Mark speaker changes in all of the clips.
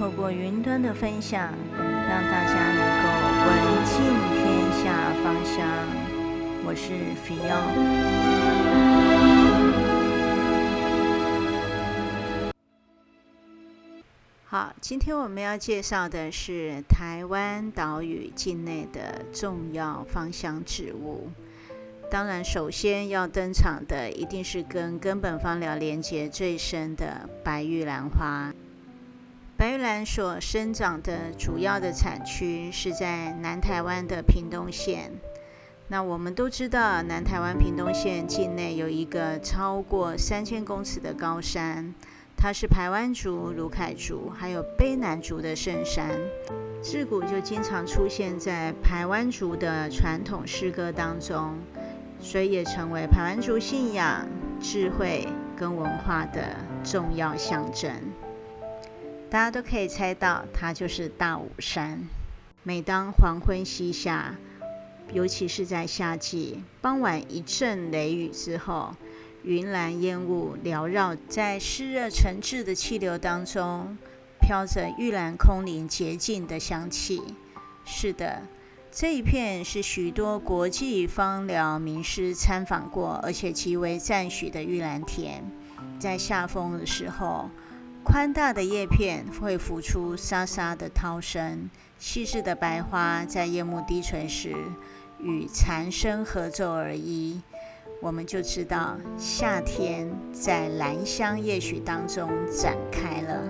Speaker 1: 透過雲端的分享，讓大家能夠聞盡天下芳香。我是菲歐。好，今天我們要介紹的是台灣島嶼境內的重要芳香植物。當然，首先要登場的一定是跟根本芳療連接最深的白玉蘭花。白玉蘭所生長的主要的產區是在南台灣的屏東縣。那我們都知道，南台灣屏東縣境內有一個超過三千公尺的高山，它是排灣族、魯凱族還有卑南族的聖山，自古就經常出現在排灣族的傳統詩歌當中，所以也成為排灣族信仰、智慧跟文化的重要象徵。大家都可以猜到，它就是大武山。每當黃昏西下，尤其是在夏季傍晚，一陣雷雨之後，雲嵐煙霧繚繞在濕熱沉滯的氣流當中，飄着玉蘭空靈潔淨的香氣。是的，這一片是許多國際芳療名師參訪過，而且極為讚許的玉蘭田。在下風的時候，寬大的葉片會浮出沙沙的濤聲，細緻的白花在夜幕低垂時與蟬聲合奏而已。我們就知道夏天在蘭香夜曲當中展開了。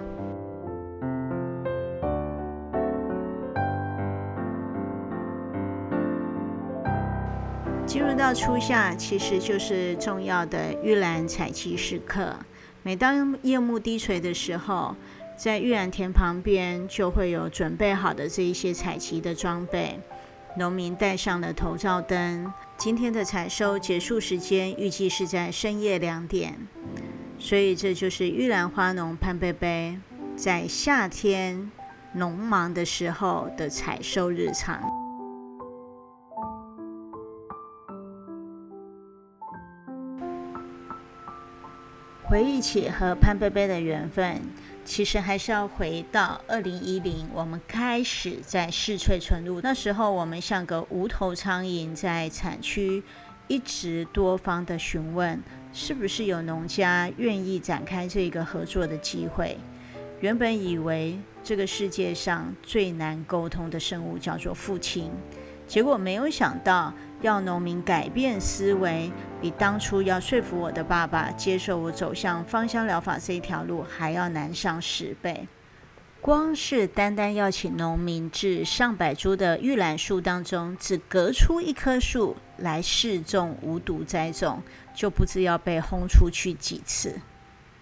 Speaker 1: 進入到初夏，其實就是重要的玉蘭採期時刻。每當夜幕低垂的時候，在玉蘭田旁邊就會有準備好的這一些採集的裝備，農民戴上了頭罩燈。今天的採收結束時間預計是在深夜兩點，所以這就是玉蘭花農潘貝貝在夏天農忙的時候的採收日常。回憶起和潘貝貝的緣分，其實還是要回到二零一零，我們開始在試萃純露。那時候，我們像個無頭蒼蠅在產區，一直多方的詢問，是不是有農家願意展開這個合作的機會。原本以為這個世界上最難溝通的生物叫做父親，結果沒有想到。要農民改變思維，比當初要說服我的爸爸接受我走向芳香療法這一條路還要難上十倍。光是單單要請農民至上百株的玉蘭樹當中，只隔出一棵樹來試種無毒栽種，就不知要被轟出去幾次。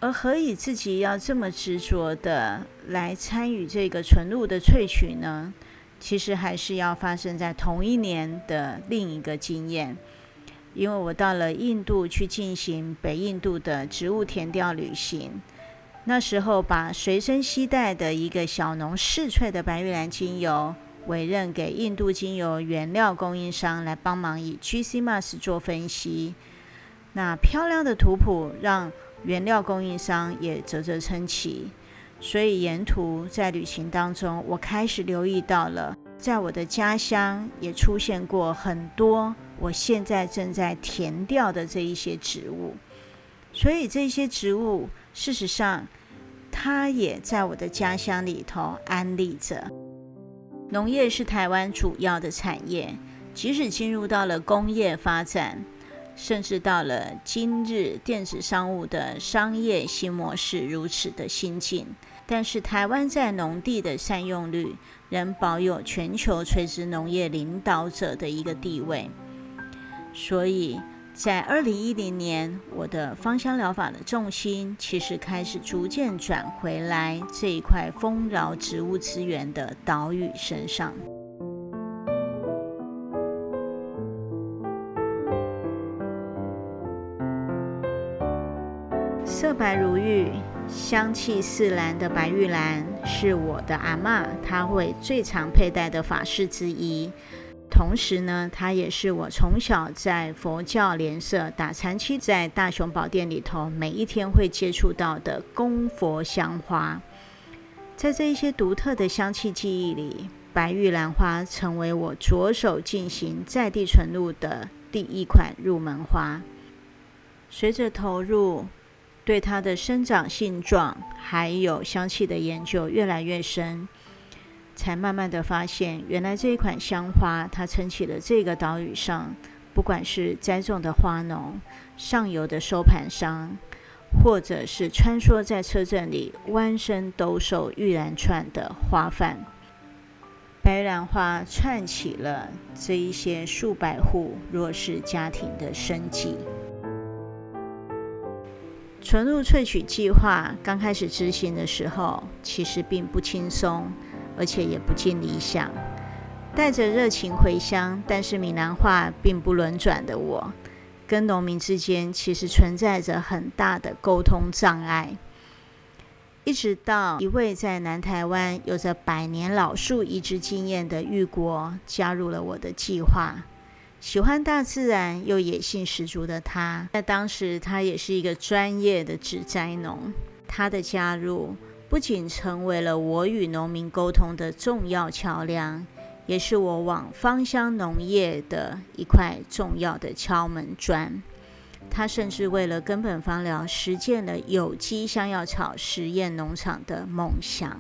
Speaker 1: 而何以自己要這麼執着的來參與這個純露的萃取呢？其實還是要發生在同一年的另一個經驗，因為我到了印度去進行北印度的植物田調旅行，那時候把隨身攜帶的一個小農試萃的白玉蘭精油委任給印度精油原料供應商來幫忙以 GCMS 做分析，那漂亮的圖譜讓原料供應商也嘖嘖稱奇。所以沿途在旅行當中，我開始留意到了，在我的家鄉也出現過很多我現在正在填掉的這一些植物。所以這些植物事實上，它也在我的家鄉裡頭安立着。農業是台灣主要的產業，即使進入到了工業發展。甚至到了今日，電子商務的商業新模式如此的新進，但是台灣在農地的善用率仍保有全球垂直農業領導者的一個地位。所以，在二零一零年，我的芳香療法的重心其實開始逐漸轉回來這一塊豐饒植物資源的島嶼身上。色白如玉、香氣似蘭的白玉蘭，是我的阿嬤她會最常佩戴的髮飾之一。同時呢，它也是我從小在佛教蓮社打禪七，在大雄寶殿裡頭每一天會接觸到的供佛香花。在這一些獨特的香氣記憶裡，白玉蘭花成為我着手進行在地純露的第一款入門花。隨着投入。對它的生長性狀還有香氣的研究越來越深，才慢慢地發現，原來這一款香花，它撐起了這個島嶼上，不管是栽種的花農、上游的收盤商，或者是穿梭在車陣裡彎身兜售玉蘭串的花販，白蘭花串起了這一些數百戶弱勢家庭的生計。純露萃取計劃剛開始執行的時候，其實並不輕鬆，而且也不盡理想。帶着熱情回鄉，但是閩南話並不輪轉的我，跟農民之間其實存在着很大的溝通障礙。一直到一位在南台灣有着百年老樹移植經驗的玉國加入了我的計劃。喜歡大自然又野性十足的他，在當時他也是一個專業的植栽農。他的加入不僅成為了我與農民溝通的重要橋梁，也是我往芳香農業的一塊重要的敲門磚。他甚至為了根本芳療，實踐了有機香藥草實驗農場的夢想。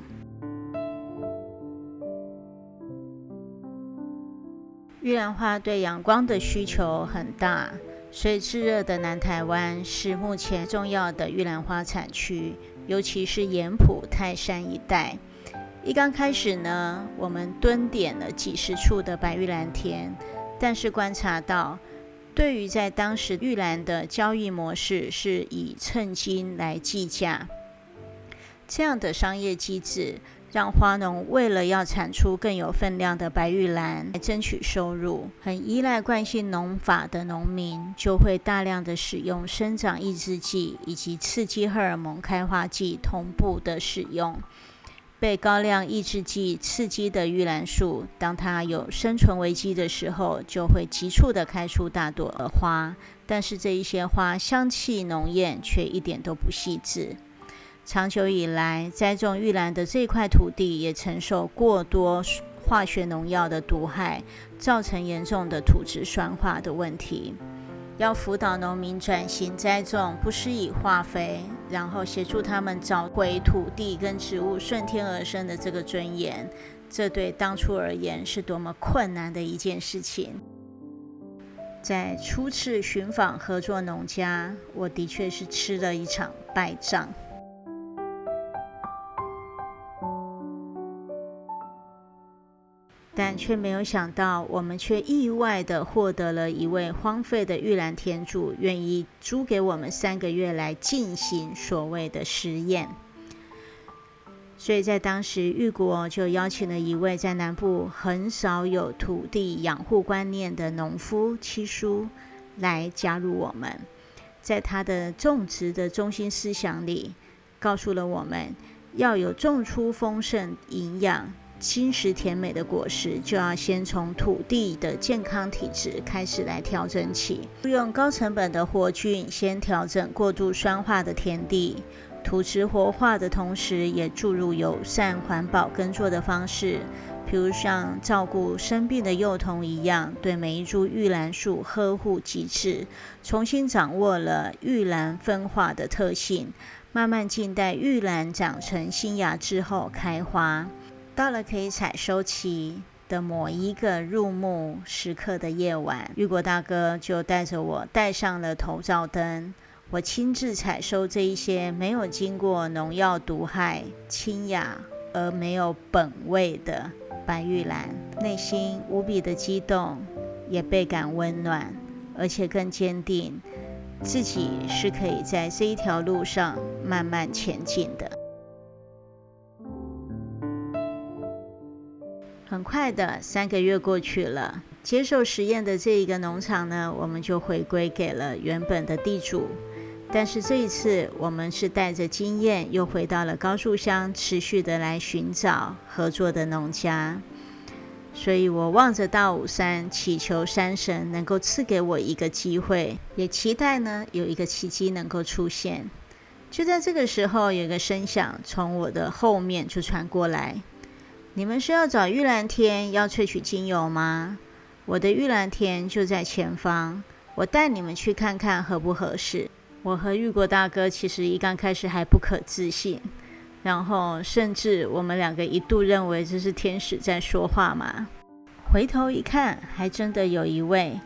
Speaker 1: 玉蘭花對陽光的需求很大，所以炙熱的南台灣是目前重要的玉蘭花產區，尤其是鹽埔、泰山一帶。一剛開始呢，我們蹲點了幾十處的白玉蘭田，但是觀察到，對於在當時玉蘭的交易模式，是以稱斤來計價，這樣的商業機制。讓花農為了要產出更有分量的白玉蘭來爭取收入，很依賴慣行農法的農民就會大量的使用生長抑制劑以及刺激荷爾蒙開花劑同步的使用。被高量抑制劑刺激的玉蘭樹，當它有生存危機的時候，就會急促的開出大朵的花，但是這一些花香氣濃艷，卻一點都不細緻。長久以來，栽種玉蘭的這塊土地也承受過多化學農藥的毒害，造成嚴重的土質酸化的問題。要輔導農民轉型栽種，不施以化肥，然後協助他們找回土地跟植物順天而生的這個尊嚴，這對當初而言是多麼困難的一件事情。在初次尋訪合作農家，我的確是吃了一場敗仗。但卻沒有想到，我們卻意外地獲得了一位荒廢的玉蘭田主願意租給我們三個月來進行所謂的實驗。所以在當時，玉國就邀請了一位在南部很少有土地養護觀念的農夫七叔來加入我們，在他的種植的中心思想裡，告訴了我們要有種出豐盛營養侵蝕甜美的果實，就要先從土地的健康體質開始來調整起。用高成本的活菌先調整過度酸化的田地，土質活化的同時，也注入友善環保耕作的方式，譬如像照顧生病的幼童一樣，對每一株玉蘭樹呵護極致，重新掌握了玉蘭分化的特性，慢慢靜待玉蘭長成新芽之後開花。到了可以採收期的某一個入暮時刻的夜晚，玉果大哥就帶着我戴上了頭罩燈，我親自採收這一些沒有經過農藥毒害、清雅而沒有本味的白玉蘭，內心無比的激動，也倍感溫暖，而且更堅定，自己是可以在這一條路上慢慢前進的。很快的，三個月過去了，接受實驗的這一個農場呢，我們就回歸給了原本的地主。但是這一次，我們是帶着經驗，又回到了高樹鄉，持續的來尋找合作的農家。所以，我望着大武山，祈求山神能夠賜給我一個機會，也期待呢有一個奇蹟能夠出現。就在這個時候，有一個聲響從我的後面就傳過來。你們是要找玉蘭田要萃取精油嗎？我的玉蘭田就在前方，我帶你們去看看合不合適。我和玉國大哥其實一剛開始還不可置信，然後甚至我們兩個一度認為這是天使在說話嘛。回頭一看，還真的有一位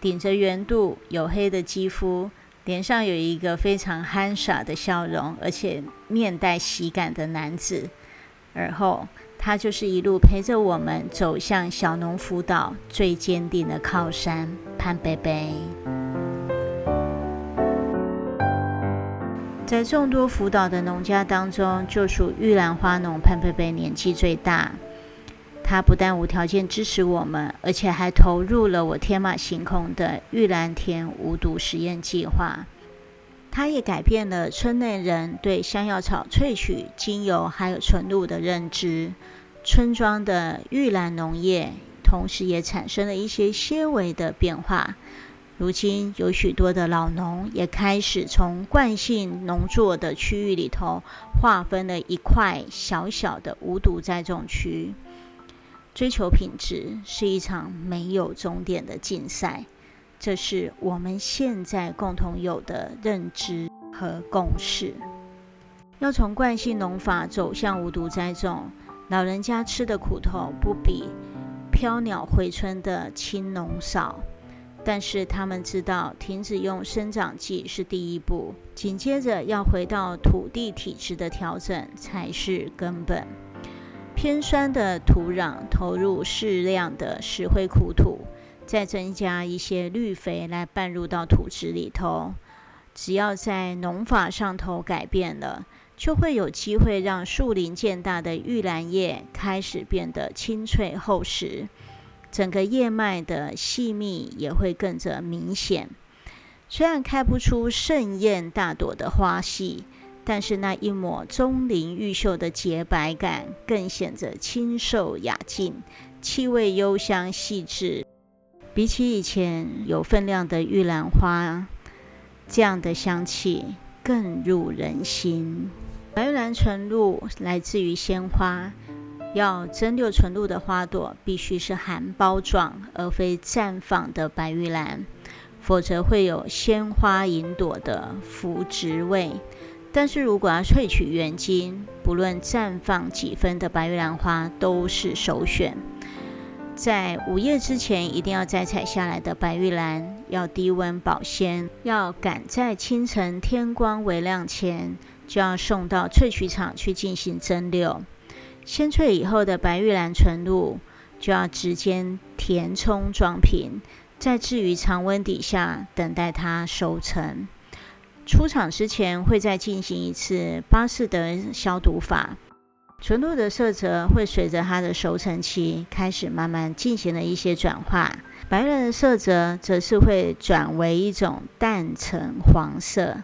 Speaker 1: 頂着圓肚、黝黑的肌膚，臉上有一個非常憨傻的笑容，而且面帶喜感的男子，而後。他就是一路陪着我們走向小農輔導最堅定的靠山潘貝貝。在眾多輔導的農家當中，就屬玉蘭花農潘貝貝年紀最大。他不但無條件支持我們，而且還投入了我天馬行空的玉蘭田無毒實驗計劃。他也改變了村內人對香藥草萃取精油還有純露的認知。村莊的玉蘭農業，同時也產生了一些些微的變化。如今有許多的老農也開始從慣行農作的區域裡頭，劃分了一塊小小的無毒栽種區。追求品質，是一場沒有終點的競賽，這是我們現在共同有的認知和共識。要從慣行農法走向無毒栽種，老人家吃的苦頭不比飄鳥回春的青農少，但是他們知道，停止用生長劑是第一步，緊接着要回到土地體質的調整才是根本。偏酸的土壤，投入適量的石灰苦土，再增加一些綠肥來拌入到土質裡頭，只要在農法上頭改變了，就會有機會讓樹齡漸大的玉蘭葉開始變得青翠厚實，整個葉脈的細密也會更着明顯。雖然開不出盛宴大朵的花系，但是那一抹鍾靈毓秀的潔白感更顯着清瘦雅靜，氣味幽香細緻。比起以前有分量的玉蘭花，這樣的香氣更入人心。白玉蘭純露來自於鮮花，要蒸餾純露的花朵必須是含苞狀，而非綻放的白玉蘭，否則會有鮮花引朵的腐殖味。但是如果要萃取原精，不論綻放幾分的白玉蘭花都是首選。在午夜之前一定要再採下來的白玉蘭，要低溫保鮮，要趕在清晨天光微亮前。就要送到萃取廠去進行蒸餾，鮮萃以後的白玉蘭純露就要直接填充裝瓶，再置於常溫底下等待它熟成。出廠之前會再進行一次巴斯德消毒法。純露的色澤會隨着它的熟成期開始慢慢進行了一些轉化，白玉蘭的色澤則，則是會轉為一種淡橙黃色。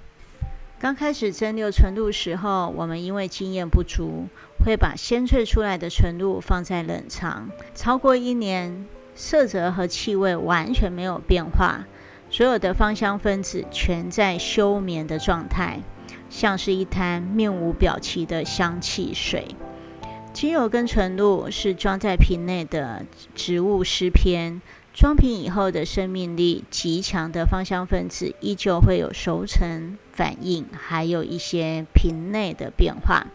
Speaker 1: 剛開始蒸餾純露時候，我們因為經驗不足，會把鮮萃出來的純露放在冷藏，超過一年，色澤和氣味完全沒有變化，所有的芳香分子全在休眠的狀態，像是一灘面無表情的香氣水。精油跟純露是裝在瓶內的植物詩篇，裝瓶以後的生命力極強的芳香分子依舊會有熟成反應，還有一些瓶內的變化，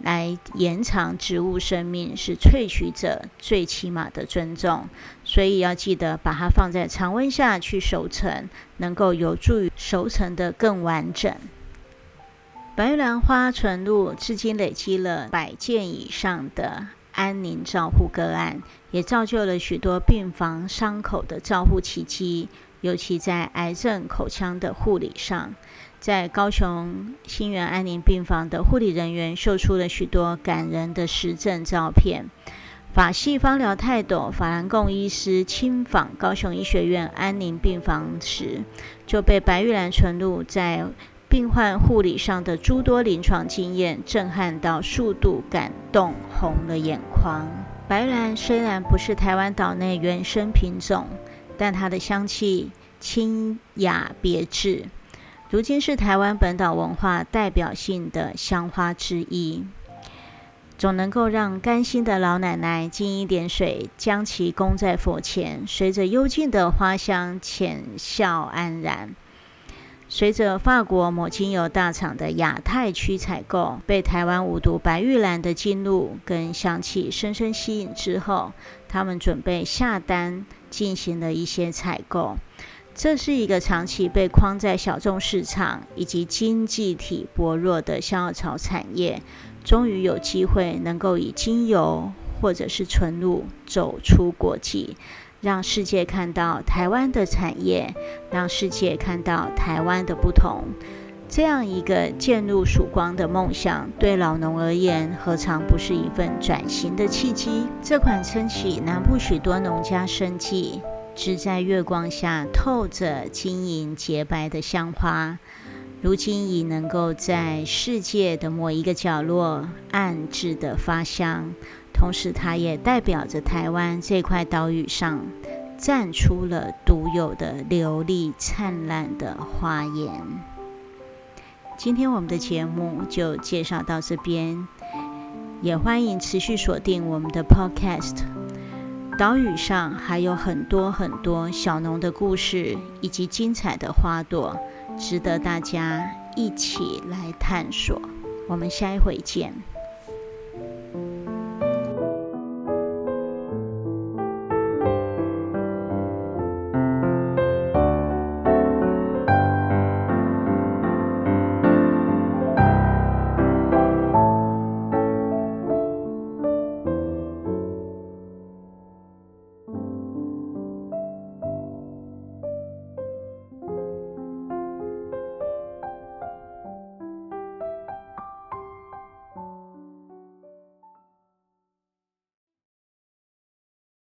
Speaker 1: 來延長植物生命是萃取者最起碼的尊重，所以要記得把它放在常溫下去熟成，能夠有助於熟成得更完整。白玉蘭花純露至今累積了百件以上的安寧照護個案，也造就了許多病房傷口的照護奇蹟。尤其在癌症口腔的護理上，在高雄新源安寧病房的護理人員秀出了許多感人的實證照片。法系芳療泰斗法蘭貢醫師親訪高雄醫學院安寧病房時，就被白玉蘭純露在。病患護理上的諸多臨床經驗，震撼到數度感動，紅了眼眶。白蘭雖然不是台灣島內原生品種，但它的香氣清雅別緻，如今是台灣本島文化代表性的香花之一。總能夠讓甘心的老奶奶敬一點水，將其供在佛前，隨着幽靜的花香，淺笑安然。隨着法國某精油大廠的亞太區採購被台灣無毒白玉蘭的純露跟香氣深深吸引之後，他們準備下單進行了一些採購。這是一個長期被框在小眾市場以及經濟體薄弱的香藥草產業，終於有機會能夠以精油或者是純露走出國際。讓世界看到台灣的產業，讓世界看到台灣的不同，這樣一個漸入曙光的夢想，對老農而言，何嘗不是一份轉型的契機？這款撐起南部許多農家生計、只在月光下透着晶瑩潔白的香花，如今已能夠在世界的某一個角落，暗自的發香。同時，它也代表着台灣這塊島嶼上綻出了獨有的流麗燦爛的花顏。今天我們的節目就介紹到這邊，也歡迎持續鎖定我們的 Podcast。島嶼上還有很多很多小農的故事以及精彩的花朵，值得大家一起來探索。我們下一回見。